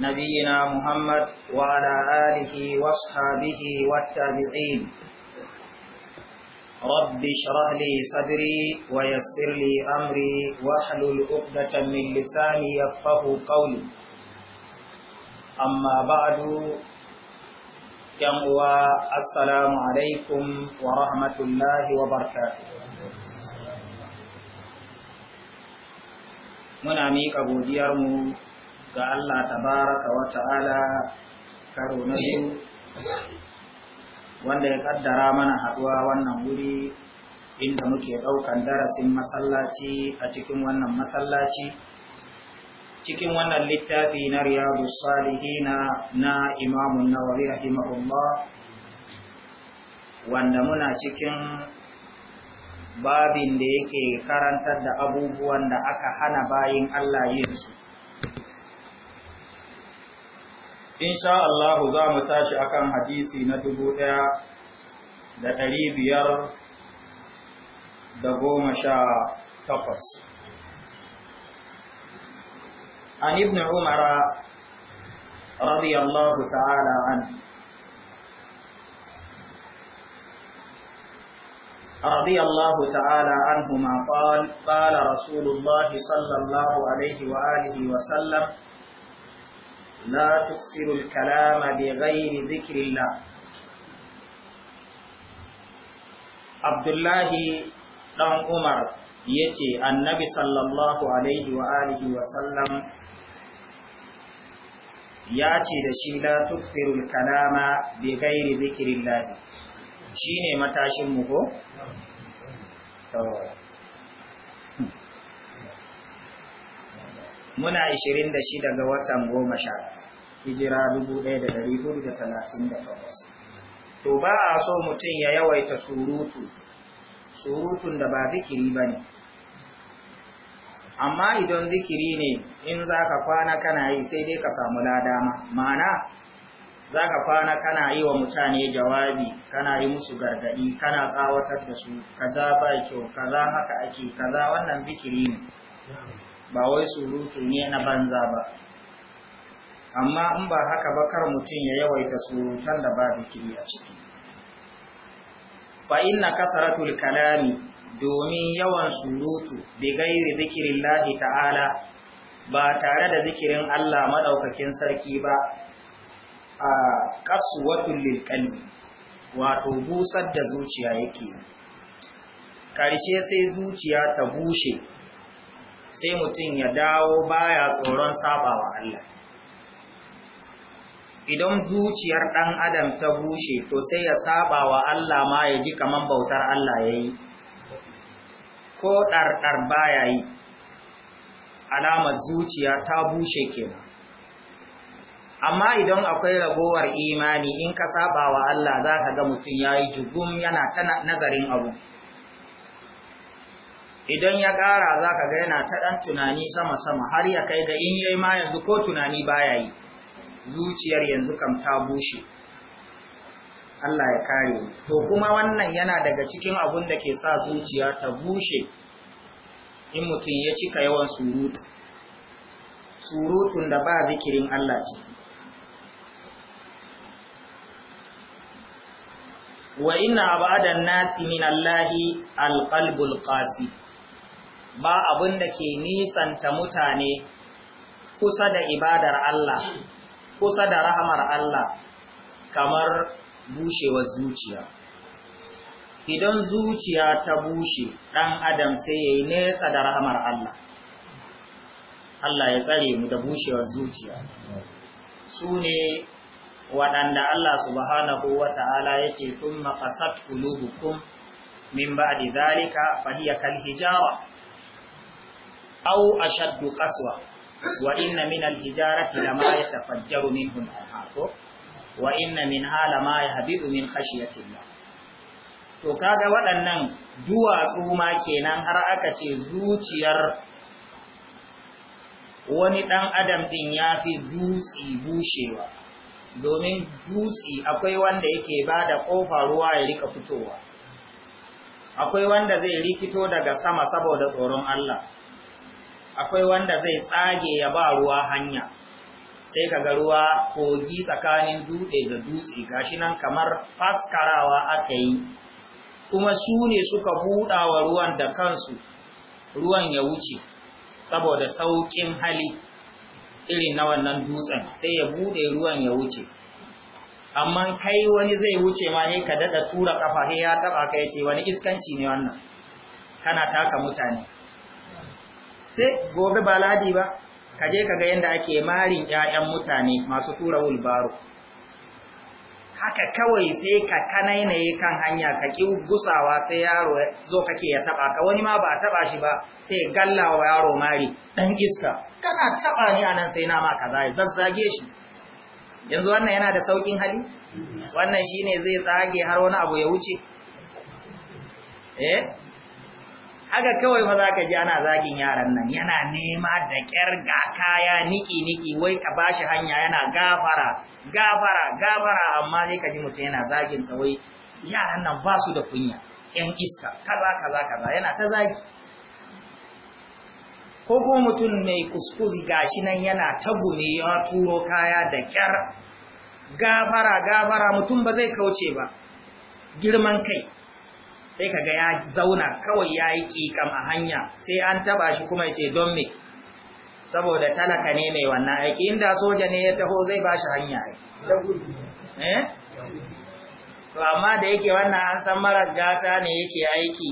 نبينا محمد وعلى آله واصحابه والتابعين رب اشرح لي صدري ويسر لي أمري واحلل عقدة من لساني يفقه قولي أما بعد ينقوى السلام عليكم ورحمة الله وبركاته muna miƙa godiyarmu ga Allah tabaraka wa ta'ala karo na biyu wanda ya kaddara mana haɗuwa wannan wuri inda muke ɗaukan darasin masallaci a cikin wannan masallaci cikin wannan littafi na riyadus Salihi na imamun nawawi rahimahullah wanda muna cikin babin da yake karantar da abubuwan da aka hana bayin Allah yin su insha Allah za mu tashi akan hadisi na dubu ɗaya da ɗari biyar da goma sha takwas. An ibn Umar radiyallahu ta'ala an رضي الله تعالى عنهما قال قال رسول الله صلى الله عليه وآله وسلم لا تكسر الكلام بغير ذكر الله عبد الله دان عمر yace annabi sallallahu alaihi wa wa sallam ya ce da shi la tukfirul kalama bi ghairi zikrillah shine matashin mu ko to muna ga watan 10 hijira takwas. to ba a so mutum ya yawaita surutu surutun da ba zikiri ba ne amma idan zikiri ne in za ka kwana kana yi sai dai ka samu ladama mana za ka kwana kana yi wa mutane jawabi kana yi musu gargaɗi kana tsawatar da su kaza ba kyau kaza haka ake kaza wannan zikiri ne ba wai surutu ne na banza ba amma in ba haka ba kar mutum ya yawaita surutan da ba zikiri a ciki fa inna kasaratul kalami domin yawan surutu bi gairi zikrillahi ta'ala ba tare da zikirin Allah madaukakin sarki ba a kasuwatul lilqalbi wato busar da zuciya yake karshe sai zuciya ta bushe sai mutum ya dawo baya tsoron sabawa Allah idan zuciyar ɗan adam ta bushe to sai ya saba wa Allah ma ya ji kaman bautar Allah ya yi ko ɗarɗar ba ya yi alamar zuciya ta bushe kenan amma idan akwai ragowar imani in ka saba wa Allah za ka ga mutum ya yi jugum yana ta nazarin abu idan ya ƙara za ka ga yana ta ɗan tunani sama-sama har ya kai ga in yayi ma yanzu ko tunani baya yi zuciyar yanzu kam ta bushe Allah ya kare to kuma wannan yana daga cikin abun da ke sa zuciya ta bushe in mutum ya cika yawan surutu surutun da ba zikirin Allah ciki wa inna abadan nasi min Allahi alqalbul qasi ba abun da ke nisanta mutane kusa da ibadar Allah kusa da rahamar Allah kamar bushewar zuciya. Idan zuciya ta bushe ɗan adam sai ya yi nesa da rahamar Allah. Allah ya tsare mu da bushewar zuciya. Su ne waɗanda Allah subhanahu wa ta'ala ya ce, "Kun makasat min ba'di zalika fahiya kal hijara, au ashaddu kaswa." wa inna min al-hijarati lama yatafajjaru minhu al-anhar wa inna min hala ma yahbidu min Allah to kaga waɗannan duwatsu ma kenan har aka ce zuciyar wani ɗan adam ɗin ya fi dutsi bushewa domin dutsi akwai wanda yake bada da ƙofa ruwa ya rika fitowa akwai wanda zai rikito daga sama saboda tsoron Allah akwai wanda zai tsage ya ba ruwa hanya sai ka ga ruwa kogi tsakanin dutse da dutse gashi nan kamar faskarawa aka yi kuma su ne suka buɗa wa ruwan da kansu ruwan ya wuce saboda saukin hali irin na wannan dutsen sai ya buɗe ruwan ya wuce amma kai wani zai wuce ma ne ka daɗa tura ƙafa ya taɓa ka "Ce wani iskanci ne wannan kana taka mutane sai gobe ba ladi ba ka je ka ga yadda ake marin ƴaƴan mutane masu tura wulbaro haka kawai sai ka kanainaye kan hanya ka ki gusawa sai yaro zo kake ya taba ka wani ma ba taba shi ba sai gallawa yaro mari dan iska kana taba ni anan sai na ma kaza ya zazzage shi yanzu wannan yana da saukin hali wannan shine zai tsage har wani abu ya wuce eh haka kawai fa za ka ji ana zagin yaran nan yana nema da ƙyar ga kaya niki-niki wai ka bashi hanya yana gafara gafara gafara amma sai ka ji mutum yana zagin ta wai yaran nan ba su da kunya ‘yan iska kaza kaza kaza yana ta zagi ko ko mutum mai kuskuri gashi nan yana ta gumi ya turo kaya da ƙyar gafara gafara mutum ba zai kauce ba girman kai sai kaga ya zauna kawai ya yi ƙiƙam a hanya sai an taba shi kuma ya ce don me saboda talaka ne mai wannan aiki inda soja ne ya taho zai ba shi hanya eh? to amma da yake wannan an san marar gata ne yake aiki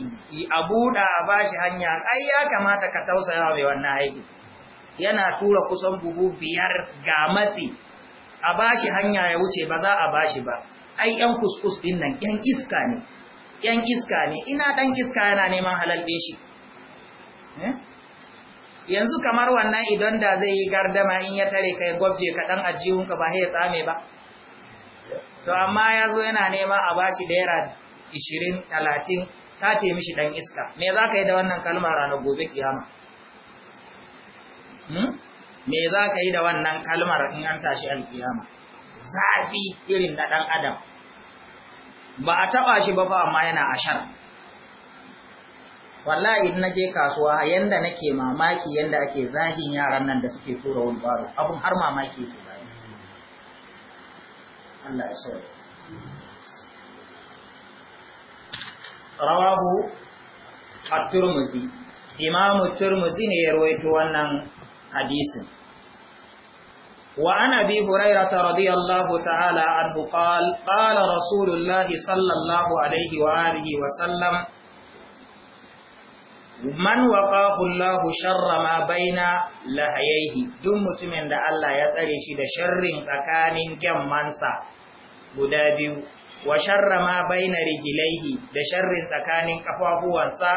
a buɗa a ba shi hanya ai ya kamata ka tausaya mai wannan aiki yana tura kusan buhu biyar ga matsi a ba shi hanya ya wuce ba za a ba shi ba ai yan kuskus ɗin nan yan iska ne yan iska ne ina ɗan iska yana neman halal ɗin shi eh? yanzu kamar wannan idon da zai yi gardama in ya tare kai gwabje kaɗan a ajihunka ba ya tsame ba to amma ya zo yana nema a bashi daira 20 30 ta ce mishi ɗan iska me za ka yi da wannan kalmar ranar gobe kiyama hmm? me za ka yi da wannan kalmar in an tashi alkiyama zafi irin na ɗan adam ba a taba shi ba fa amma yana ashar wallahi in naje kasuwa yanda nake mamaki yanda ake zagin yaran nan da suke tura wani baro abun har mamaki yake zagi Allah ya sauya rawahu at-Tirmidhi Imam at-Tirmidhi ne ya rawaito wannan hadisin وعن أبي هريرة رضي الله تعالى عنه قال قال رسول الله صلى الله عليه وآله وسلم man waqahu Allahu sharra baina lahayaihi duk mutumin da Allah ya tsare shi da sharrin tsakanin gemmansa guda biyu wa sharrama baina rijlaihi da sharrin tsakanin kafafuwansa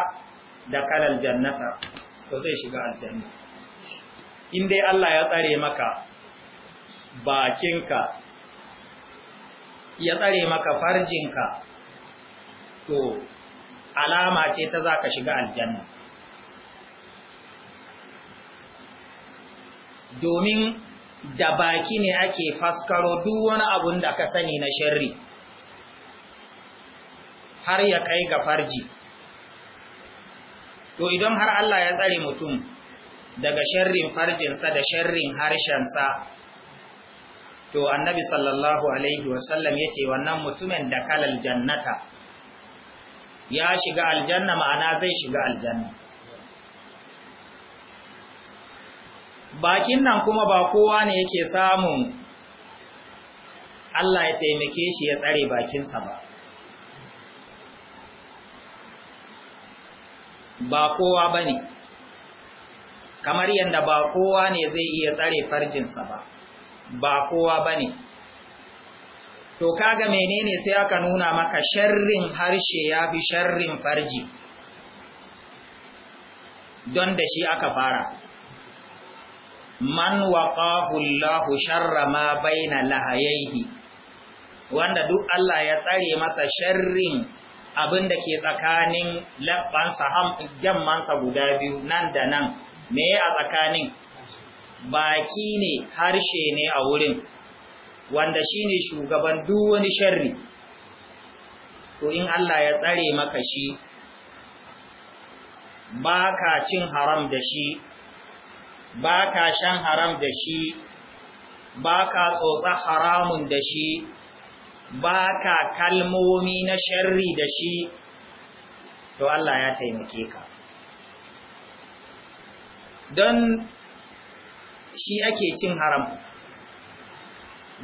da kalal jannata to zai shiga aljanna in dai Allah ya tsare maka bakinka ya tsare maka farjinka to alama ce ta za ka shiga aljanna domin da baki ne ake faskaro duk wani abun da ka sani na sharri har ya kai ga farji to idan har Allah ya tsare mutum daga sharrin farjinsa da sharrin harshensa to annabi sallallahu alaihi wasallam ya ce wannan mutumin da kalal jannata ya shiga aljanna ma'ana zai shiga aljanna bakin nan kuma ba kowa ne yake samun Allah ya taimake shi ya tsare bakinsa ba ba kowa ba ne kamar yadda ba kowa ne zai iya tsare farjinsa ba ba kowa ba ne to kaga menene sai aka nuna maka sharrin harshe ya fi sharrin farji don da shi aka fara man wa ƙafullahu sharra ma baina lahayaihi wanda duk Allah ya tsare masa sharrin abin da ke tsakanin labbansa ham jammansa guda biyu nan da nan me a tsakanin baki ne harshe ne a wurin wanda shi ne shugaban duk wani sharri to in Allah ya tsare maka shi ba ka cin haram da shi ba ka shan haram da shi ba ka tsotsa haramun da shi ba ka kalmomi na sharri da shi to Allah ya taimake ka don shi ake cin haram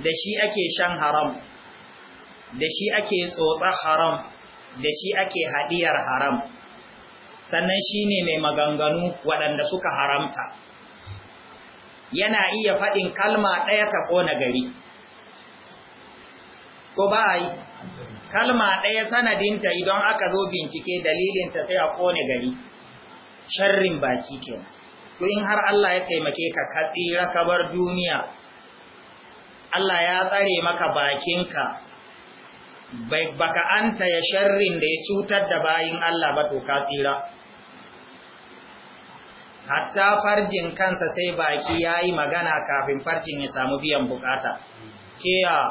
da shi ake shan haram da shi ake tsotsa haram da shi ake hadiyar haram sannan shi ne mai maganganu waɗanda suka haramta yana iya faɗin kalma ɗaya ta ƙona gari ko ba a yi kalma ɗaya sanadinta idan aka zo bincike dalilinta sai a ƙone gari sharrin baki kenan to in har Allah ya taimake ka ka tsira ka bar duniya Allah ya tsare maka bakinka baka anta ya sharrin da ya cutar da bayin Allah ba to ka tsira hatta farjin kansa sai baki yayi magana kafin farjin ya samu biyan bukata kiya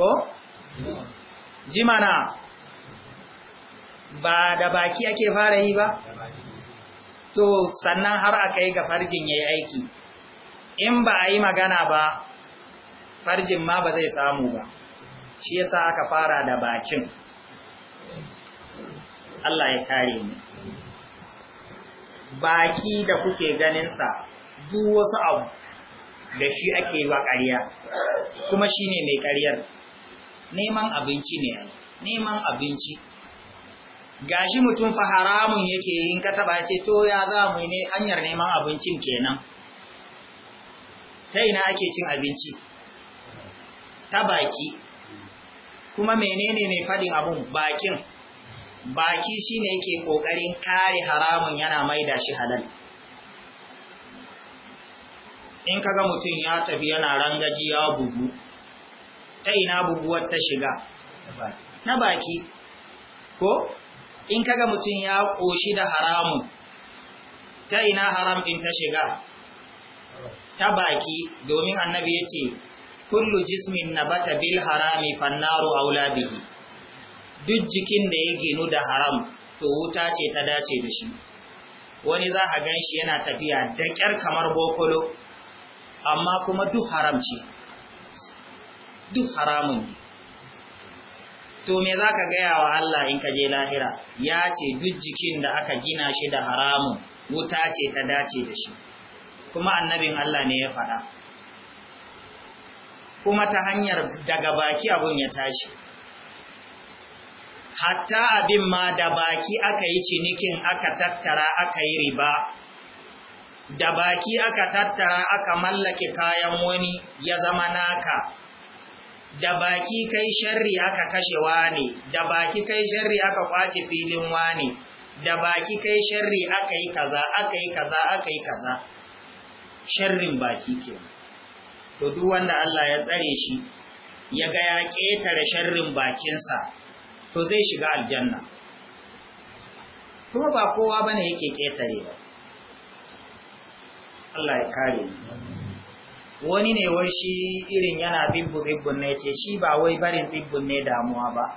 ko jimana ba da baki ake fara yi ba to sannan har aka yi ga farjin ya yi aiki in ba a yi magana ba farjin ma ba zai samu ba shi yasa aka fara da bakin Allah ya kare ni baki da kuke ganinsa duk wasu abu da shi ake wa ƙarya kuma shi ne mai ƙaryar neman abinci ne neman abinci gashi mutum fa haramun yake yin ka taba ce to ya za mu ne hanyar neman abincin kenan ta ina ake cin abinci ta baki kuma menene mai fadin abun bakin baki shine yake kokarin kare haramun yana maida shi halal in kaga mutum ya tafi yana rangaji ya bugu ta ina buguwar ta shiga ta baki ko in kaga mutum ya ƙoshi da haramun ta ina haram ɗin ta shiga ta baki domin annabi ya ce kullu jismin na bata bil harami fannaro aula bihi duk jikin da ya ginu da haram to wuta ce ta dace da shi wani za a gan shi yana tafiya da ƙyar kamar bokolo amma kuma duk haram ce duk haramun ne to me za ka gaya wa Allah in ka je lahira ya ce duk jikin da aka gina shi da haramun wuta ce ta dace da shi kuma annabin Allah ne ya faɗa kuma ta hanyar daga baki abun ya tashi hatta abin ma da baki aka yi cinikin aka tattara aka yi riba da baki aka tattara aka mallake kayan wani ya zama naka da baki kai sharri aka kashe wani da baki kai sharri aka kwace filin wani da baki kai sharri aka yi kaza aka yi kaza aka yi kaza sharrin baki ke to duk wanda Allah ya tsare shi ya ga ya ƙetare sharrin bakinsa to zai shiga aljanna kuma ba kowa bane yake ƙetare ba Allah ya kare mu wani ne wai shi irin yana tsibbu tsibbun ne ce shi ba wai barin tsibbun ne damuwa ba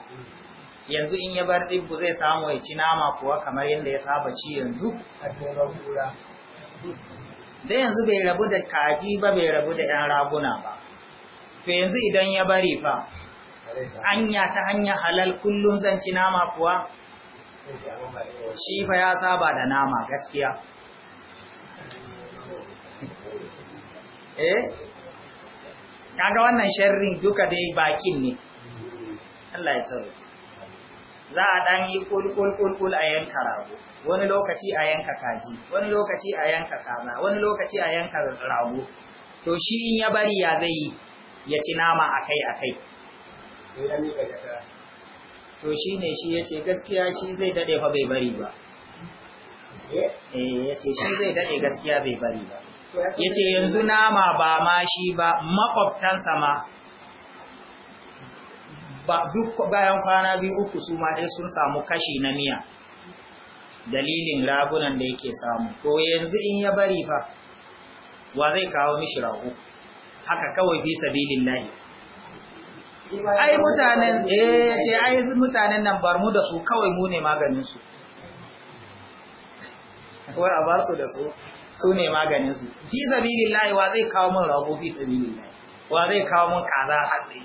yanzu in ya bar tsibbu zai samu ya ci nama kuwa kamar yadda ya saba ci yanzu da yanzu bai rabu da kaji ba bai rabu da yan raguna ba to yanzu idan ya bari fa Hanya ta hanya halal kullum zan ci nama kuwa shi fa ya saba da nama gaskiya eh kaga wannan sharrin duka dai bakin ne Allah ya tsare za a dan yi kulkulkulkul a yanka rago wani lokaci a yanka kaji wani lokaci a yanka kaza wani lokaci a yanka rago to shi in ya bari ya zai ya ci nama akai akai to shi ne shi ya ce gaskiya shi zai dade fa bai bari ba eh, eh ya ce shi zai dade gaskiya bai bari ba yace yanzu nama ba ma shi ba makwabtansa ma ba duk bayan kwana biyu uku su ma sai sun samu kashi na miya dalilin ragunan da yake samu to yanzu in ya bari fa wa zai kawo mishi rago haka kawai fi sabilillahi ai mutanen eh ce ai mutanen nan bar mu da su kawai mu ne maganin su kawai a bar su da su su ne maganin su fi sabilillahi wa zai kawo mun rago fi sabilillahi wa zai kawo mun kaza hatsi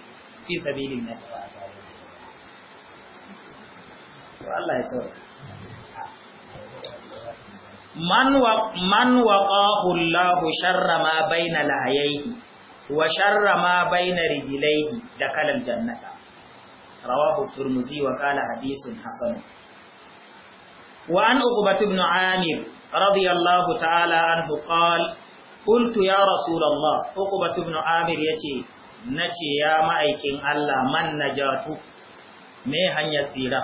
fi sabilillahi to Allah ya tsare man wa man waqahu Allah sharra ma baina lahayhi wa sharra ma baina rijlaihi da kalal jannata rawahu turmuzi wa qala hadithun hasan وعن أغبة بن عامر رضي الله تعالى عنه قال قلت يا رسول الله أغبة بن عامر يتي نتي يا مأيكين الله من نجاته ما هن يسيرا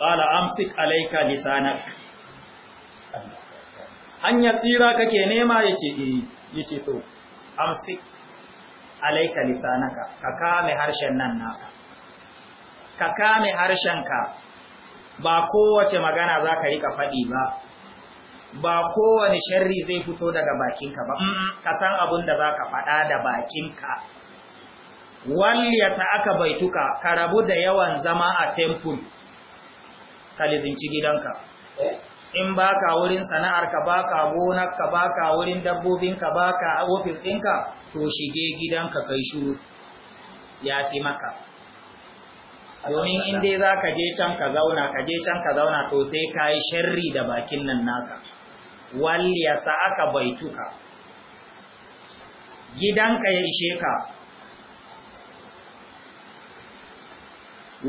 قال أمسك عليك لسانك أن يسيرا كي نيما يتي يتي تو أمسك عليك لسانك ككام هرشن ننك ككام هرشنك ba kowace magana za ka rika faɗi ba ba kowane sharri zai fito daga bakinka ba ka san abin da za ka faɗa da bakinka walliyata aka baituka ka rabu da yawan zama a temple ka lizinci gidanka eh? in baka wurin sana'arka baka gonarka baka wurin dabbobinka baka ofis ɗinka to shige gidanka kai shuru ya fi maka domin in dai za ka je can ka zauna ka je can ka zauna to sai ka yi sharri da bakin nan naka wal ya sa'aka baituka gidanka ya ishe ka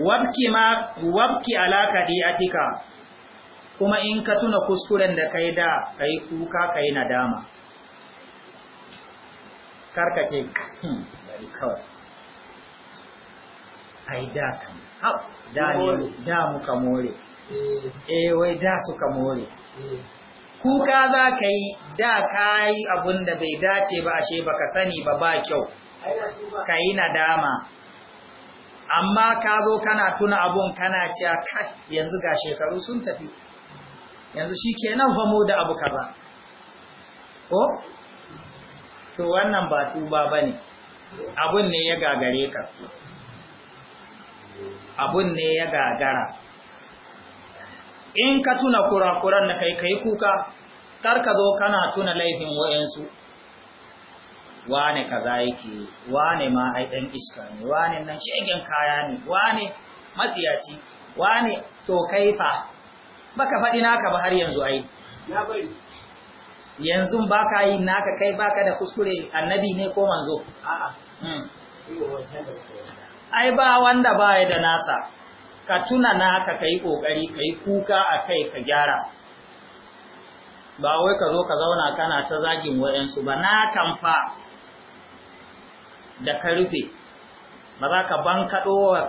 wabki ma wabki alaka diatika kuma in ka tuna kuskuren da kai da kai kuka kai nadama karkace hmm, kawai ai da da muka more eh. eh wai da suka more eh. kuka za ka yi da ka yi abin da bai dace ba ashe ba ka sani ba ba kyau ka yi nadama amma ka zo kana tuna abun kana cewa kai yanzu ga shekaru sun tafi yanzu shi ke nan famo da abu ka ba ko to wannan ba tuba ba ne abun ne ya gagare ka abun ne ya gagara in ka tuna kurakuran da kai kai kuka kar ka zo kana tuna laifin wayansu wane kaza yake wane ma ai dan iska ne wane nan shegen kaya ne wane matsiyaci wane to kai fa baka faɗi naka ba har yanzu ai na bari yanzu ba ka yi naka kai baka da kuskure annabi ne ko manzo a'a hmm. ai ba wanda ba ya da nasa ka tuna naka ka yi ƙoƙari ka kuka a kai ka gyara ba wai ka zo ka zauna kana ta zagin wa'yansu ba na kamfa da ka rufe ba za ka ban kaɗowa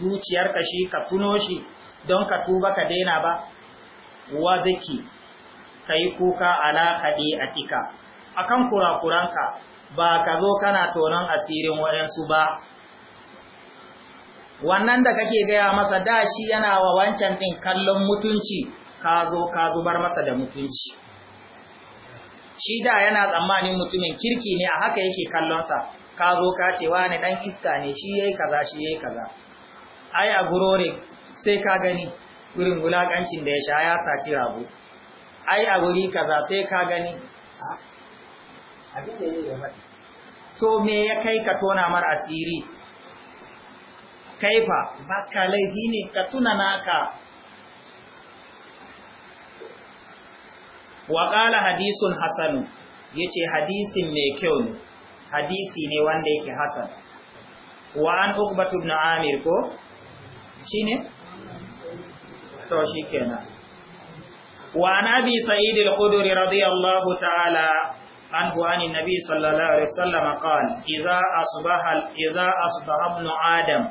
zuciyarka shi ka tuno shi don ka tuba ka daina ba wa zaki ka yi kuka alaƙaɗe a tika a kan kurakuranka ba ka zo kana tonon asirin wa'yansu ba wannan da kake gaya masa da shi yana wa wancan ɗin kallon mutunci ka zo ka zubar masa da mutunci shi da yana tsammanin mutumin kirki ne a haka yake kallonsa ka zo ka ce wani ɗan iska ne shi yayi kaza shi yayi kaza ai a gurore sai ka gani gurin wulaƙancin da ya sha ya saci rago ai a wuri kaza sai ka gani abin da ya faɗi to me ya kai ka tona mar asiri kaifa baka laifi ne ka tuna naka Waƙala qala hadisun hasanu ce hadisin mai kyau ne hadisi ne wanda yake hasan wa an uqbatu na amir ko ne? to shi kenan. wa an abi sa'id radiyallahu ta'ala an عن النبي صلى الله عليه وسلم قال إذا أصبح, Adam.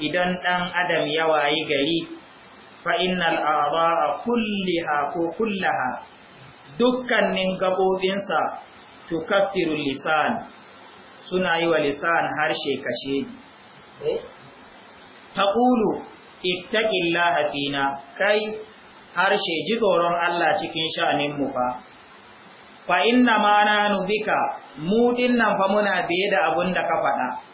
idan ɗan adam ya wayi gari fa'innal arba a kulliha ko kullaha dukkanin to tukaffiru lisan suna yi wa lisan harshe kashe ta ƙulu ittaƙilla hafina kai harshe ji tsoron Allah cikin sha'aninmu fa fa inna ma na nubika mu ɗinnan fa muna biye da abin da ka faɗa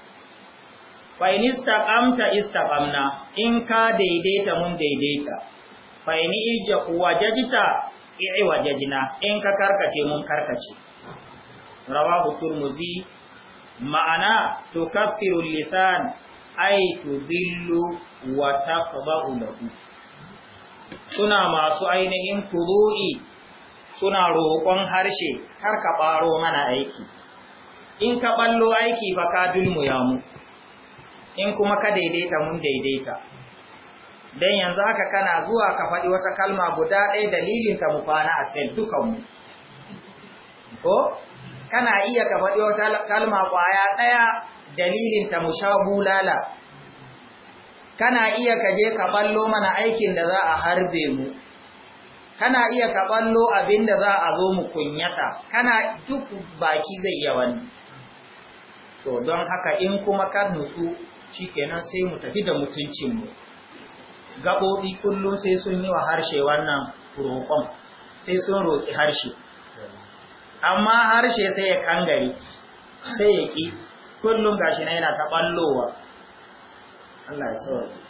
ƙamta istaqamta istaqamna in ka daidaita mun daidaita fa'ini wajajita i'i wajajina in ka karkace mun karkace rawahu turmuzi ma'ana to tukaffiru lisan ay tudillu wa taqba'u lahu suna masu ainihin kudu'i suna roƙon harshe karka ka ɓaro mana aiki in ka ɓallo aiki ba ka dulmu ya mu in kuma ka daidaita mun daidaita dan yanzu haka kana zuwa ka faɗi wata kalma guda ɗaya dalilin ta mu fana a sel dukanmu ko kana iya ka faɗi wata kalma kwaya ɗaya dalilin ta mu sha bulala kana iya ka je ka ballo mana aikin da za a harbe mu kana iya ka ballo abin da za a zo mu kunyata kana duk baki zai yawan to don haka in kuma ka nutsu kenan sai mu tafi da mutuncinmu gaɓoɓi kullum sai sun yi wa harshe wannan roƙon sai sun roƙi harshe amma harshe sai ya kangare sai ya ƙi kullum gashi na yana ta ɓallowa Allah ya sauwa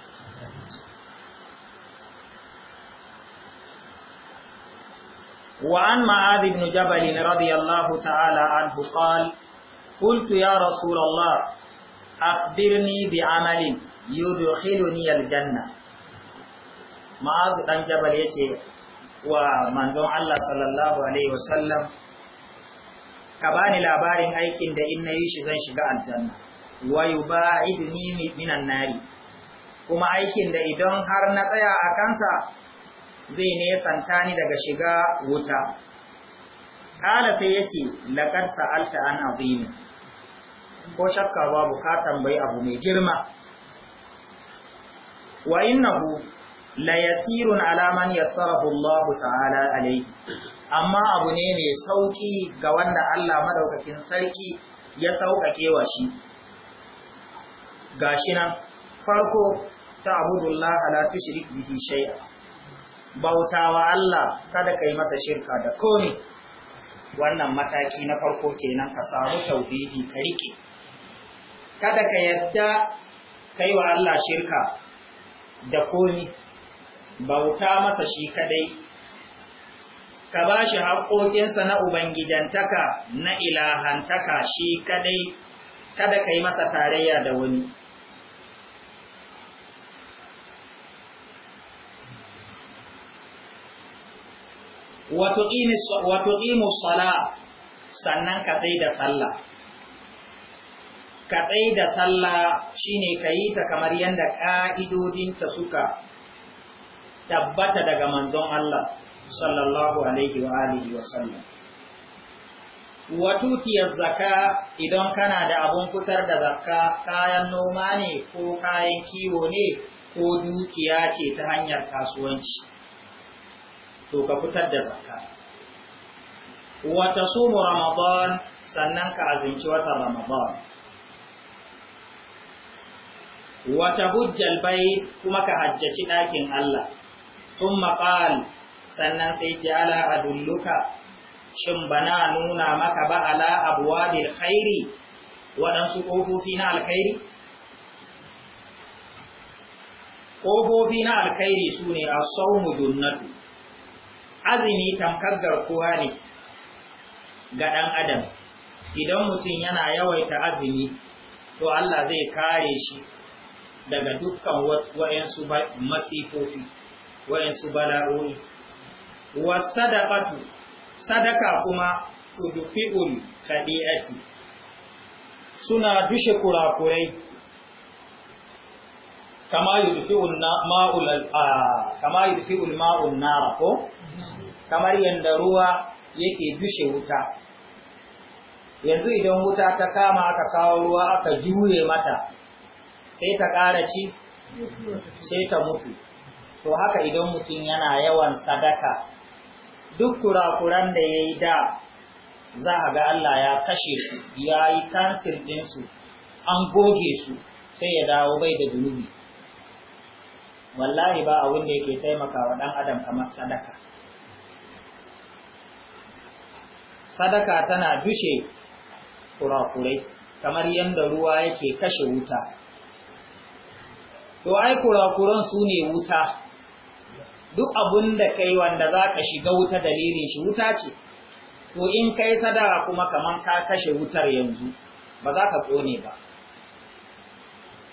وعن معاذ بن جبل رضي الله تعالى عنه قال قلت يا رسول الله akhbirni bi amalin yudkhiluni aljanna ma'azu dan jabal yace wa manzon Allah sallallahu alaihi wasallam ka bani labarin aikin da in nayi shi zan shiga aljanna wa yubaiduni minan nari kuma aikin da idan har na tsaya a kansa zai nesanta ni daga shiga wuta kala sai yace laqad sa'alta an azimi ko shakka babu ka tambayi abu mai girma wa innahu la yasirun ala man yassarahu Allah ta'ala alayhi amma abu ne mai sauki ga wanda Allah madaukakin sarki ya sauƙaƙe wa shi gashi nan farko ta abudullah la tushrik bihi shay'a bautawa Allah kada kai masa shirka da komai wannan mataki na farko kenan ka samu tauhidi ka rike kada ka yadda kai wa Allah shirka da komi bauta masa shi kadai ka ba shi haƙoƙinsa na ubangidantaka na ilahantaka shi kadai kada ka yi masa tarayya da wani wato ƙimus sala sannan ka tsaye da sallah ka da sallah shine ka yi ta kamar yadda ƙa'idodinta suka tabbata daga manzon Allah sallallahu alaihi wa alihi wa sallam watutiyar zaka idan kana da abun fitar da zaka kayan noma ne ko kayan kiwo ne ko dukiya ce ta hanyar kasuwanci to ka fitar da zaka wata mu ramadan sannan ka azinci watan ramadan wata hujjal bai kuma ka hajjaci ɗakin Allah tun maƙal sannan sai ce ala adulluka shin bana nuna maka ba ala abuwa khairi waɗansu ƙofofi na alkhairi ƙofofi na alkhairi su ne a saumu dunnatu azumi tamkar garkuwa ne ga ɗan adam idan mutum yana yawaita azumi to Allah zai kare shi daga dukkan wa'yansu masifofi wa'yansu wa wasadaqatu sadaka kuma tudfi'ul khadi'ati suna dushe kurakurai kama yudfi'ul ma'ul kama yudfi'ul na nar ko kamar yanda ruwa yake dushe wuta yanzu idan wuta ta kama aka kawo ruwa aka jure mata sai ta ƙara ci sai ta mutu to haka idan mutum yana yawan sadaka duk kurakuran da ya yi da za a ga Allah ya kashe su ya yi kansir ɗinsu an goge su sai ya dawo bai da zunubi wallahi ba abin da yake taimaka wa ɗan adam kamar sadaka sadaka tana dushe kurakurai kamar yadda ruwa yake kashe wuta to ai kurakuran su ne wuta duk abun da kai wanda za ka shiga wuta dalilin shi wuta ce to in kai sadara kuma kaman ka kashe wutar yanzu ba za ka tsone ba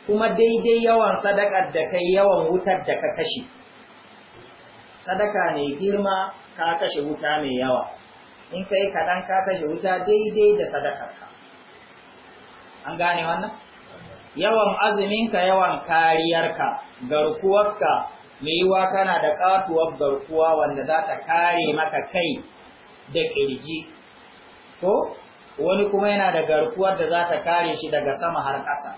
kuma daidai yawan sadakar da kai yawan wutar da ka kashe sadaka ne girma ka kashe wuta mai yawa in kai kaɗan ka kashe wuta daidai da sadakarka an gane wannan yawan azuminka yawan kariyarka garkuwarka yiwa kana da katuwar garkuwa wanda za ta kare maka kai da ƙirji ko wani kuma yana da garkuwar da za ta kare shi daga sama har ƙasa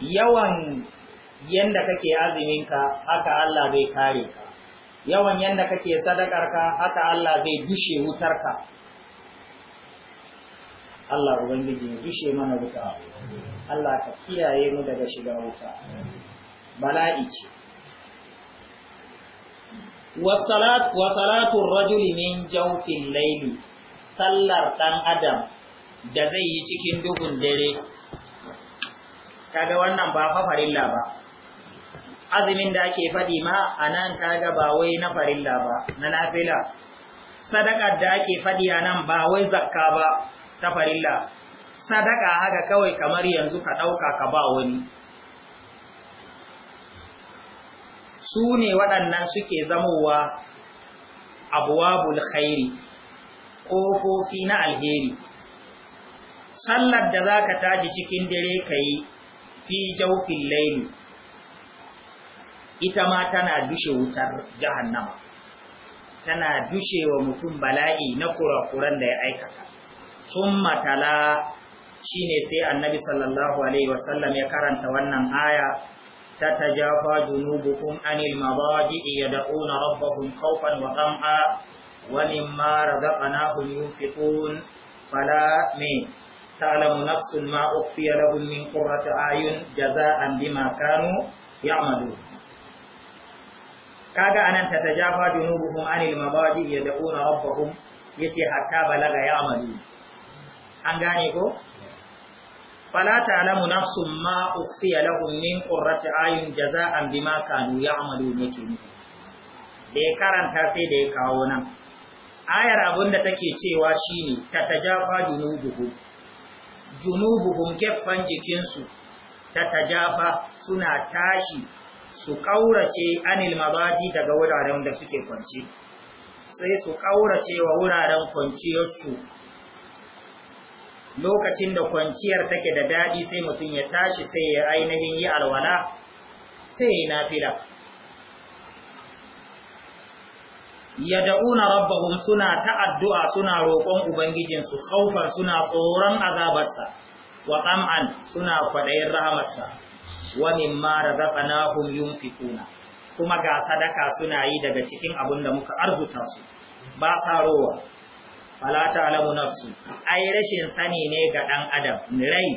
yawan yanda kake aziminka haka Allah bai kare ka yawan yanda kake sadakarka haka Allah bai dushe wutarka Allah Ubangiji ya dushe mana wuta, Allah ka kiyaye mu daga shiga wuta, bala'i ce. Wasalatun rajuli min jaufin laili, sallar ɗan Adam da zai yi cikin duhun dare, kaga wannan ba fa farilla ba. Azumin da ake faɗi ma a nan kaga ba wai na farilla ba, na nafila. Sadakar da ake faɗi a nan ba wai zakka ba, ta farilla sadaka haka kawai kamar yanzu ka ɗauka ka ba wani su ne waɗannan suke zamowa abuwabul khairi ƙofofi na alheri sallar da za ka tashi cikin dare ka yi fi jaufin laili ita ma tana dushe wutar jahannama tana dushe wa mutum bala'i na kurakuran da ya aikata sun matala shi ne sai annabi sallallahu alaihi wasallam ya karanta wannan aya ta tajafa junubukum anil mabaji'i yad'una rabbahum khawfan wa tam'a wa mimma razaqnahum yunfiqun fala min ta'lamu nafsun ma ukhfiya lahum min qurrati ayun jaza'an bima kanu ya'malun kaga anan ta tajafa junubuhum anil mabaji'i yad'una rabbahum yace hatta balaga ya'malun an gane ko fala ta'lamu nafsun ma ukhfiya lahum min qurrati ayun jaza'an bima kanu ya'malun yake ne da ya karanta sai da ya kawo nan ayar abinda take cewa shine tajafa junubuhum junubuhum keffan jikinsu tajafa suna tashi su kaurace anil mabadi daga wuraren da suke kwanci sai su kaurace wa wuraren kwanciyarsu lokacin da kwanciyar take da daɗi sai mutum ya tashi sai ya ainihin yi alwala sai ya nafila ya da'una rabbahum suna ta'addu'a suna roƙon ubangijinsu khaufan suna tsoron azabarsa wa tam'an suna kwaɗayin rahamarsa wa mimma razaqnahum yunfikuna kuma ga sadaka suna yi daga cikin abin da muka arzuta su ba sa rowa fala alamu nafsu ai rashin sani ne ga dan adam rai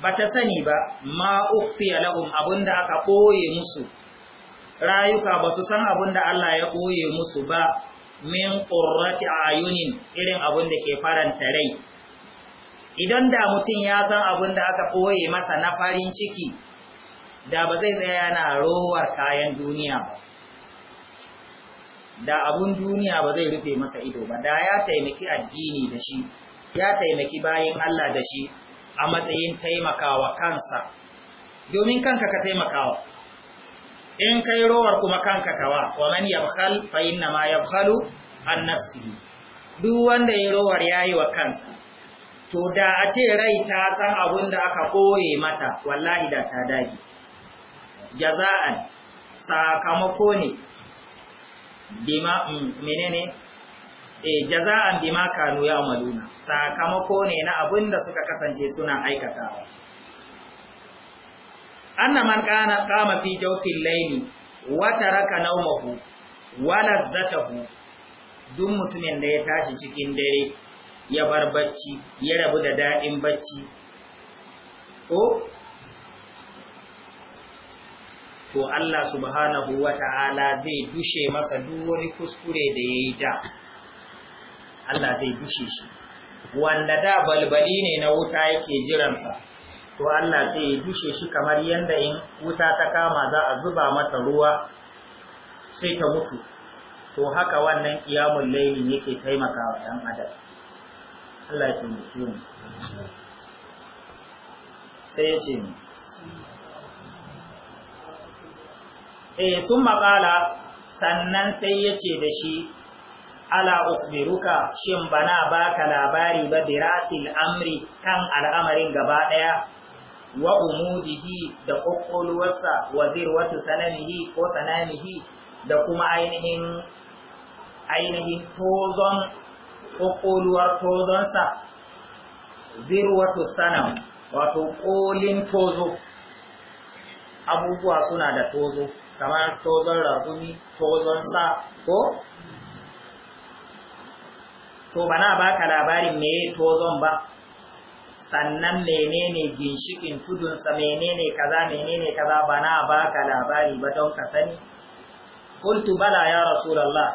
bata sani ba ma ukhfiya lahum abunda aka koye musu rayuka basu san abunda Allah ya koye musu ba min qurrati ayunin irin abunda ke faranta rai idan da mutum ya san abunda aka koye masa na farin ciki da ba zai tsaya yana rowar kayan duniya ba da abun duniya ba zai rufe masa ido ba da ya taimaki addini da shi ya taimaki bayin Allah da shi a matsayin taimakawa kansa domin kanka ka taimakawa in kai rowar kuma kanka kawa wa man yabkhal fa inna ma yabkhalu an nafsihi duk wanda ya rowar yayi wa kansa to da a ce rai ta san abun da aka koye mata wallahi da ta dage jaza'an sakamako ne bima mm, menene eh jaza'an bima kanu ya'maluna sakamako ne na abin da suka kasance suna aikatawa anna man kana qama fi jawfil layli wa taraka nawmahu wa ladzatahu duk mutumin da ya tashi cikin dare ya bar bacci ya rabu da da'in bacci ko to Allah subhanahu wa ta'ala zai dushe masa duk wani kuskure da ya yi da Allah zai dushe shi wanda da balbali ne na wuta yake jiransa to Allah zai dushe shi kamar yadda in wuta ta kama za a zuba mata ruwa sai ta mutu to haka wannan kiyamun laili yake taimaka wa ɗan adam Allah ya taimake mu sai ya ce mu eh sun maƙala sannan sai ya ce da shi ala ukbiruka shin bana baka labari ba birasil amri kan al'amarin gaba ɗaya wa umudihi da kokkolwarsa wa zirwatu sanamihi ko sanamihi da kuma ainihin ainihin tozon kokkolwar tozonsa zirwatu sanam wato kolin tozo abubuwa suna da tozo kamar tozon ragumi tozon sa ko to bana baka labarin me tozon ba sannan menene ginshikin tudunsa menene kaza menene kaza bana baka labari ba don ka sani qultu bala ya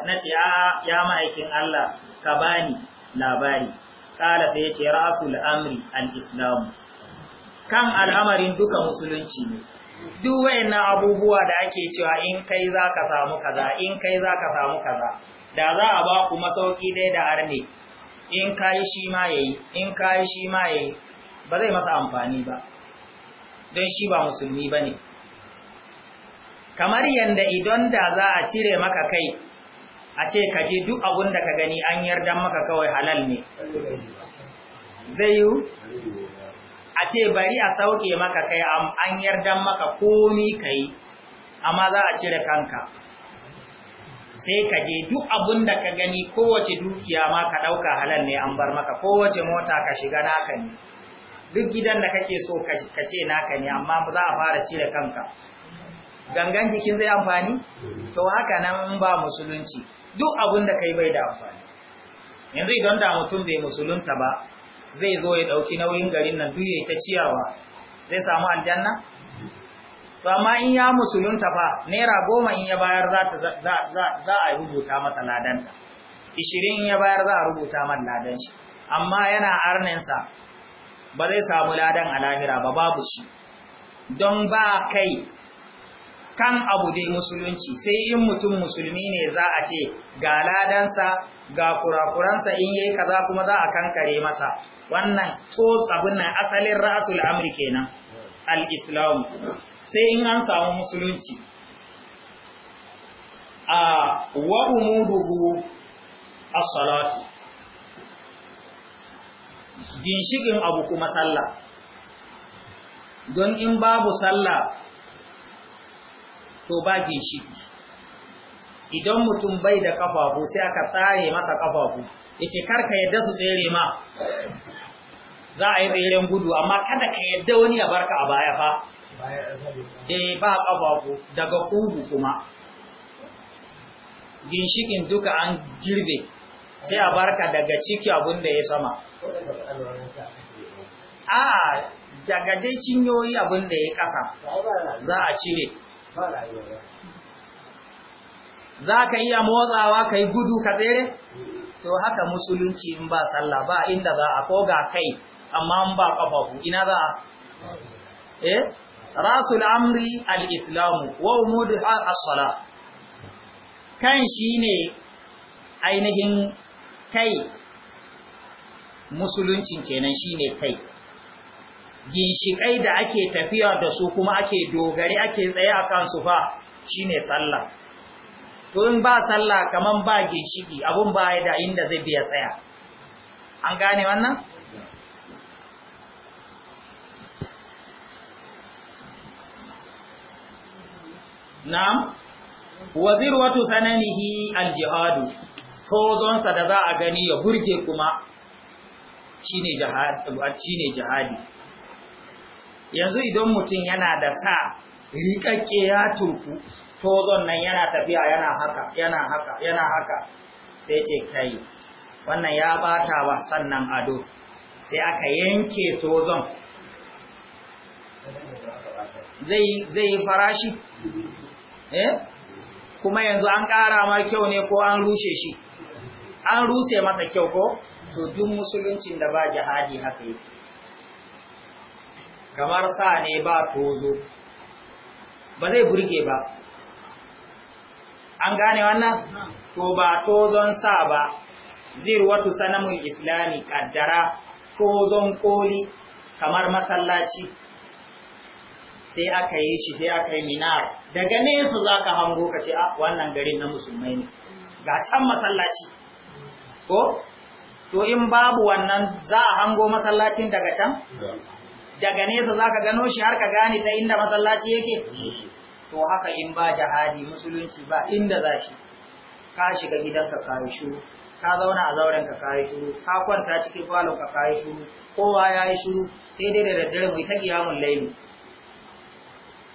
na ce a ya ma'aikin Allah ka bani labari kala sai yace rasul amri al-islam kan al'amarin duka musulunci ne duk wayannan abubuwa da ake cewa in kai za ka samu kaza in kai za ka samu kaza da za a ba ku masauki dai da arne in kayi shi ma yayi in kayi shi ma yayi ba zai masa amfani ba don shi ba musulmi ba ne kamar yadda idan da za a cire maka kai a ce ka je duk abun da ka gani an yarda maka kawai halal ne zai yiwu a ce bari a sauke maka kai an yarda maka komi kai amma za a cire kanka sai ka je duk abin da ka gani kowace dukiya ma ka ɗauka halar ne an bar maka kowace mota ka shiga naka ne duk gidan da kake so ka ce naka ne amma za a fara cire kanka gangan jikin zai amfani to haka nan in ba musulunci duk abin da kai bai da amfani yanzu idan da mutum bai musulunta ba zai zo ya ɗauki nauyin garin nan duk ya ta ciyawa zai samu aljanna? To, amma in ya musulunta fa, Naira goma in ya bayar za a rubuta masa ladanta, ishirin in ya bayar za a rubuta man ladan shi, amma yana arninsa ba zai samu ladan a lahira ba babu shi, don ba kai kan abu dai musulunci, sai in mutum musulmi ne za a ce ga ladansa, ga kurakuransa in yayi kaza kuma za a kankare masa. wannan to abin nan asalin ra'asul amri kenan al-islam sai in an samu musulunci a wa umuduhu as ginshigin abu kuma sallah don in babu sallah to ba ginshigi idan mutum bai da kafafu sai aka tsare masa kafafu yace karka yadda su tsere ma za a yi tseren gudu amma kada ka yadda wani ya barka a baya fa eh ba ƙafafu daga ƙugu kuma ginshikin duka an girbe sai a barka daga ciki abin da ya sama a daga dai cinyoyi abin da ya ƙasa za a cire za ka iya motsawa ka yi gudu ka tsere? To haka musulunci in ba sallah ba inda za a koga kai amma ba kafafu ina za a eh rasul amri al-islamu wa umud as-sala kan shine ainihin kai musuluncin kenan shine kai ginshiƙai da ake tafiya da su kuma ake dogare ake tsaye a kansu fa shine sallah to in ba sallah kamar ba ginshiƙi abun ba da inda zai biya tsaya an gane wannan na'am watu zirwatu sananihi aljihadu tozonsa da za a gani ya burge kuma shine jihadi yanzu idan mutum yana da sa rikakke ya turku tozon nan yana tafiya yana haka yana haka yana haka sai ce kai wannan ya bata wa sannan ado sai aka yanke tozon zai yi farashi eh kuma yanzu an ƙara mar kyau ne ko an rushe shi an rushe masa kyau ko to duk musuluncin da ba jihadi haka yake kamar sa ne ba tozo ba zai burge ba an gane wannan to ba tozon sa ba zirwatu sanamun islami kaddara tozon koli kamar masallaci sai aka yi shi sai aka yi minar daga nesa za ka hango ka ce ah, wannan garin na musulmai ne ga can masallaci ko to in babu wannan za a hango masallacin daga can daga nesa za ka gano shi har ka gane ta inda masallaci yake to haka in ba jihadi musulunci ba inda za shi ka shiga gidanka kayi shuru ka zauna a zauren ka kayi shuru ka kwanta cikin ka kayi shuru kowa ya yi shuru sai dai da daddare mai ta kiyamun laili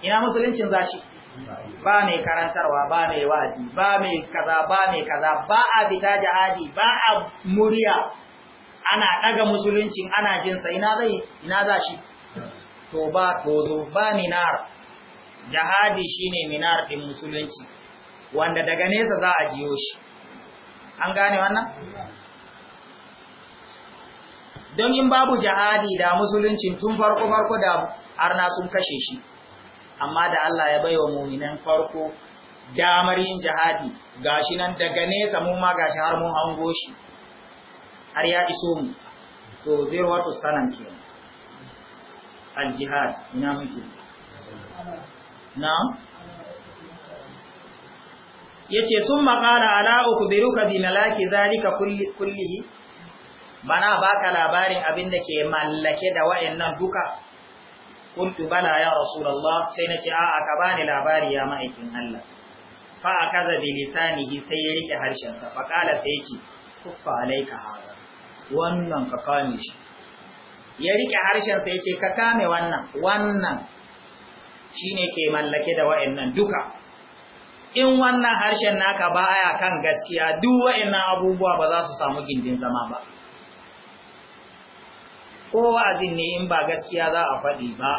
ina musuluncin zashi ba mai karantarwa ba mai wadi ba mai kaza ba mai kaza ba a fita jihadi ba a murya ana daga musuluncin ana jinsa ina zai ina zashi to ba tozo ba minar jihadi shine minar din musulunci wanda daga nesa za a jiyo shi an gane wannan don in babu jihadi da musuluncin tun farko farko da arna sun kashe shi amma da Allah ya bai wa muminan farko damar yin jihadi gashi nan daga nesa mu ma gashi har mun hango shi har ya iso mu to zai wato sanan ke al jihad ina muke na yace sun maqala ala ukbiruka bi malaki zalika kullihi mana baka labarin abin da ke mallake da wayannan duka kuntu bala ya rasulullah sai na a a'a ka bani labari ya ma'aikin Allah fa akaza bi lisanihi sai ya rike harshen sa fa sai yace kuffa alayka hada wannan ka kame shi ya rike harshen sa yace ka kame wannan wannan shine ke mallake da wa'annan duka in wannan harshen naka ba aya kan gaskiya duk wa'annan abubuwa ba za su samu gindin zama ba ko wa'azin ne in ba gaskiya za a faɗi ba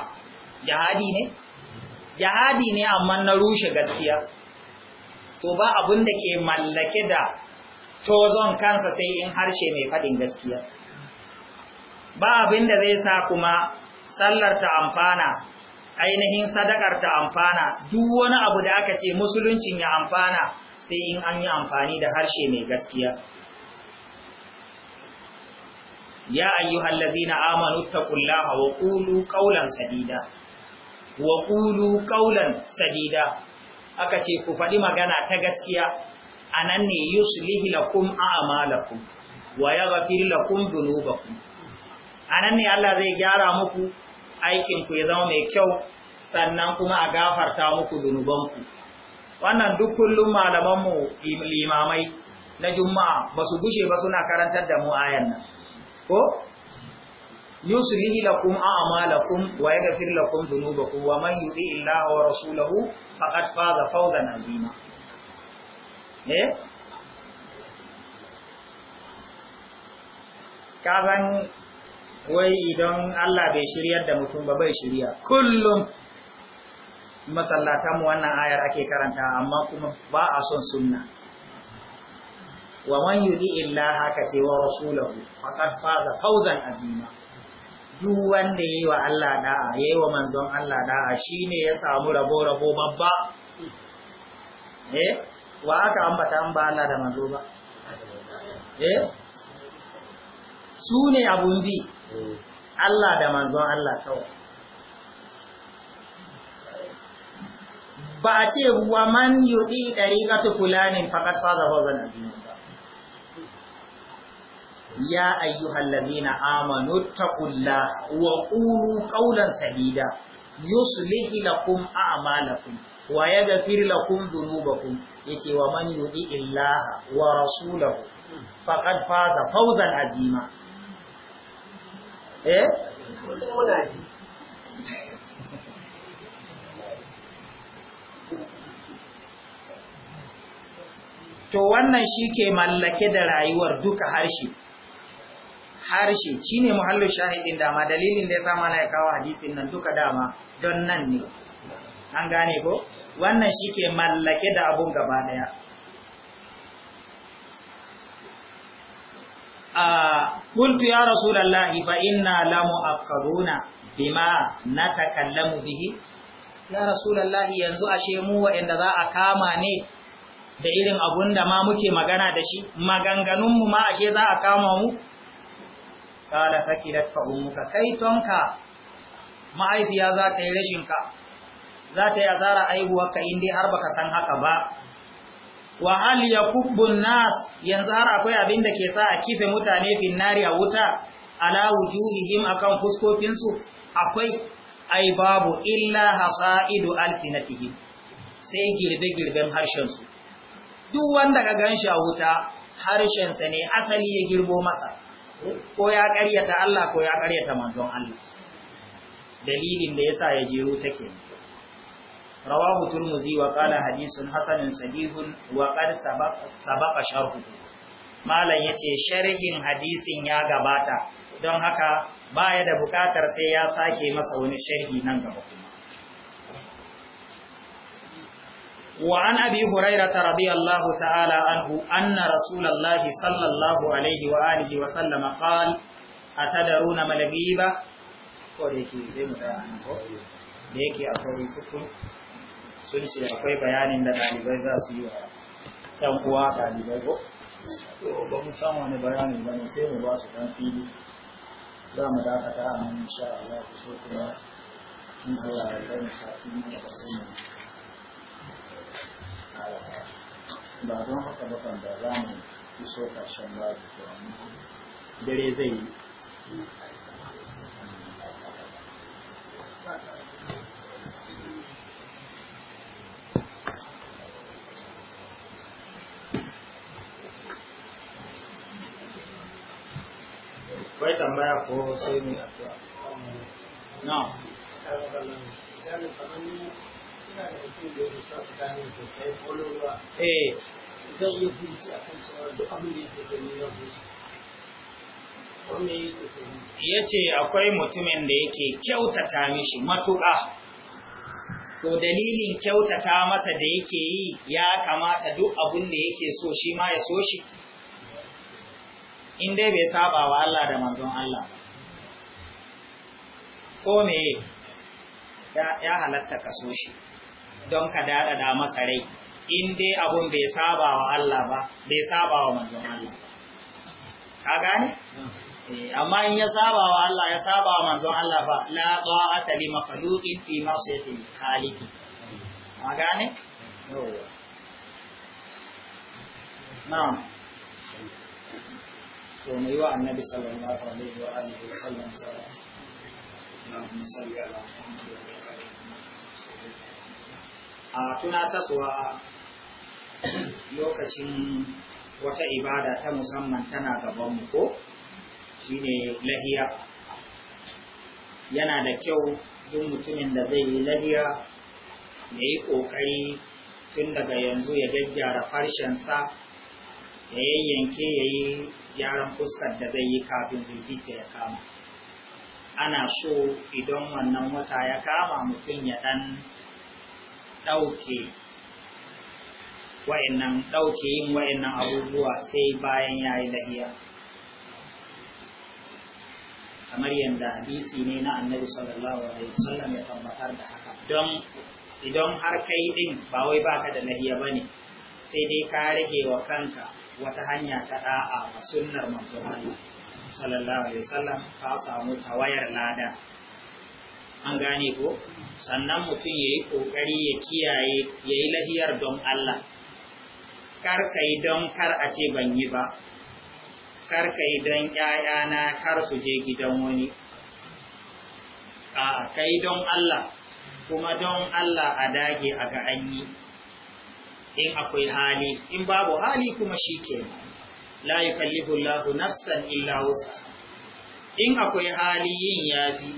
jihadi ne jihadi ne amma na rushe gaskiya to ba abin da ke mallake da tozon kansa sai in harshe mai faɗin gaskiya ba abin da zai sa kuma sallar ta amfana ainihin sadakar ta amfana duk wani abu da aka ce musuluncin ya amfana sai in an yi amfani da harshe mai gaskiya ya ayyuhal ladina amanu taqullaha wa qulu qawlan sadida sadida aka ce ku faɗi magana ta gaskiya nan ne yuslihi lakum a'malakum wa yaghfir lakum dhunubakum anan ne Allah zai gyara muku aikin ku ya zama mai kyau sannan kuma a gafarta muku dhunubanku wannan duk kullum malamanmu limamai na juma'a ba su gushe ba suna karantar da mu ayan nan ko yuslihi lakum a'malakum wa yaghfir lakum dhunubakum wa man yuti illaha wa rasulahu faqad faza fawzan azima eh kazan wai idan Allah bai shiryar da mutum ba bai shirya kullum masallatan wannan ayar ake karanta amma kuma ba a son sunna wa man yudi illaha kati wa rasulahu faqad faza fawzan azima duk wanda yayi wa Allah da'a yayi wa manzon Allah da'a shine ya samu rabo rabo babba eh wa aka ambata an ba Allah da manzo ba eh sune abun bi Allah da manzon Allah kawai ba a ce wa man yudi dariqatu fulanin faqad faza fawzan azima ya ayyuhal ladina amanu taqullaha wa qulu qawlan sadida yuslih lakum a'malakum wa yaghfir lakum dhunubakum yace wa man yuti illaha wa rasulahu faqad faza azima to wannan shi ke mallake da rayuwar duka harshe harshe shine muhallin shahidin dama dalilin da ya sa mana ya kawo hadisin nan duka dama don nan ne an gane ko wannan shi ke mallake da abun gaba daya a qultu ya rasulullahi ba inna lamu karuna bima natakallamu bihi ya rasu rasulullahi yanzu ashe mu wa'inda za a kama ne da irin abun da ma muke magana da shi maganganunmu ma ashe za a kama mu kala fakilat fa ummuka kai tonka mahaifiya za ta yi rashin ka za ta yi azara aihuwar ka in dai har baka san haka ba wa hal yakubbun nas yanzu har akwai abin da ke sa a kife mutane finnari a wuta ala wujuhihim akan fuskokin su akwai ai babu illa hasaidu alfinatihim sai girbe girben harshen su duk wanda ka ganshi a wuta harshen sa ne asali ya girbo masa ko ya ƙaryata Allah ko ya ƙaryata manzon Allah dalilin da yasa ya jero take rawahu turmuzi wa qala hadithun hasanun sahihun wa qad sabaqa sabaqa sharhuhu malam yace sharhin hadisin ya gabata don haka baya da bukatar sai ya sake masa wani sharhi nan gaba وعن أبي هريرة رضي الله تعالى عنه أن رسول الله صلى الله عليه وآله وسلم قال أتدرون ما الغيبة yake akwai sukun sun ce akwai bayanin da dalibai za su yi wa ɗan uwa dalibai ko ba mu samu wani bayanin ba sai mu basu su fili za mu dakata a nan so sati da halasta ba don haka bakan da za mu iso ƙarshen babu kenan dare zai yi Kwai tambaya ko sai Na. Yace ya ce akwai mutumin da yake kyautata mishi matuƙa to dalilin kyautata masa da yake yi ya kamata duk abin da yake so shi ma ya so shi in dai bai saba wa Allah da manzon Allah ko me ya halatta ka so shi don ka da masa rai in dai abun bai saba wa Allah ba bai saba wa manzon Allah ka gane eh, amma in ya saba wa Allah ya saba wa manzon Allah ba la ta'ata li makhluqin fi ma'siyati khaliqi ka gane na'am to mu yi wa annabi sallallahu alaihi wa alihi wa sallam sallallahu alaihi wa sallam a tunatarwa lokacin wata ibada ta musamman tana gabanmu ko shine lahiya yana da kyau duk mutumin da zai yi lahiya ya yi ƙoƙari tun daga yanzu ya gaggyara farshensa ya yayyanke ya yi gyaran fuskar da zai yi kafin fita ya kama ana so idan wannan wata ya kama mutum ya ɗan ɗauke wa'annan ɗauke yin wa'annan abubuwa sai bayan ya yi lahiya kamar yadda hadisi ne na annabi sallallahu alaihi wasallam ya tabbatar da haka don idan har kai din ba wai baka da lahiya bane sai dai ka rage wa kanka wata hanya ta da'a wa sunnar manzon Allah sallallahu alaihi wasallam ka samu tawayar lada an gane ko sannan mutum ya yi ƙoƙari ya kiyaye ya yi lahiyar don Allah kar ka yi don kar a ce ban yi ba kar ka yi don ‘ya'yana kar su je gidan wani a ka yi don Allah kuma don Allah a dage a ga an yi in akwai hali in babu hali kuma shi ke. la yi Allahu nafsan illa wusa in akwai hali yin yafi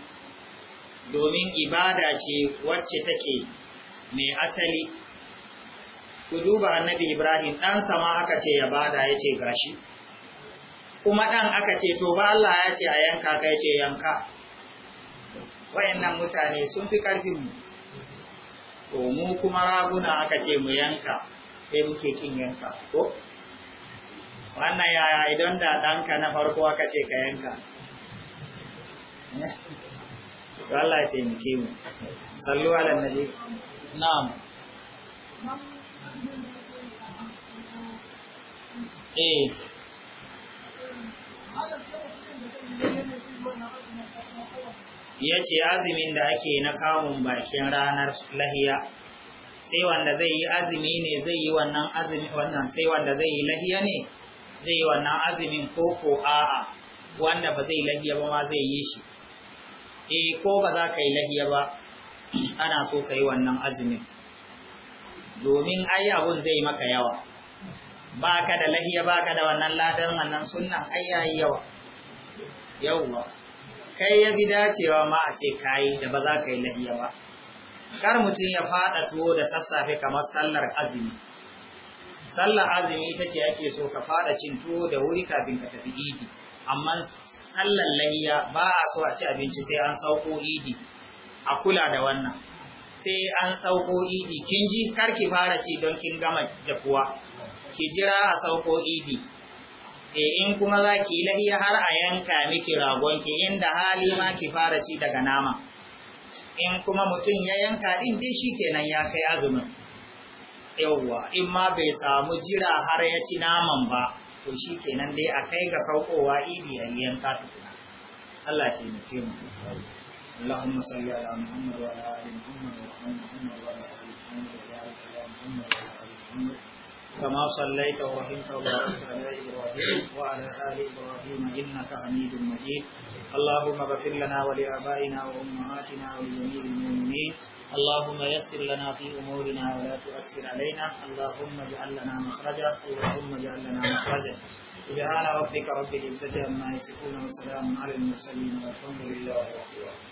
domin ibada ce wacce take mai asali ku duba annabi ibrahim ɗansa ma aka ce ya bada ya ce gashi kuma ɗan aka ce to ba Allah ya ce a yanka kai ce yanka wayannan mutane sun fi ƙarfinmu to mu kuma raguna aka ce mu yanka sai muke kin yanka ko wannan yaya idan da ɗanka na farko aka ce ka yanka Allah ya taimake mu sallu ala nabi na'am eh ya ce azumin da ake na kamun bakin ranar lahiya sai wanda zai yi azumi ne zai yi wannan azumi wannan sai wanda zai yi lahiya ne zai yi wannan azumin ko ko a'a wanda ba zai lahiya ba ma zai yi shi eh ko ba za ka yi lahiya ba ana so ka yi wannan azumin domin ai abun zai maka yawa ba ka da lahiya ba ka da wannan ladan wannan sunan ai yayi yawa yawa kai ya fi dacewa ma a ce yi, da ba za ka yi lahiya ba kar mutum ya fada tuwo da sassafe kamar sallar azumi sallar azumi ita ce ake so ka fada cin tuwo da wuri kafin ka tafi idi amma sallan layya ba a so a ci abinci sai an sauko idi a kula da wannan sai an sauko idi kin ji kar ki fara ci don kin gama dafuwa ki jira a sauko idi e in kuma za ki yi lahiya har a yanka miki ragon ki, inda hali ma ki fara ci daga nama in kuma mutum ya yanka din dai shi kenan ya kai azumin yauwa in ma bai samu jira har ya ci naman ba to shi kenan dai a kai ga saukowa idi a yanka tukuna Allah ce mu ce mu اللهم صل على محمد وعلى ال محمد وعلى محمد وعلى ال محمد وبارك على محمد وعلى ال محمد كما صليت ورحمت وباركت على ابراهيم وعلى ال ابراهيم انك حميد مجيد اللهم اغفر لنا ولابائنا وامهاتنا ولجميع المؤمنين اللهم يسر لنا في أمورنا ولا تؤثر علينا اللهم اجعل لنا مخرجا اللهم اجعل لنا مخرجا سبحان ربك رب العزة عما يصفون وسلام على المرسلين والحمد لله رب العالمين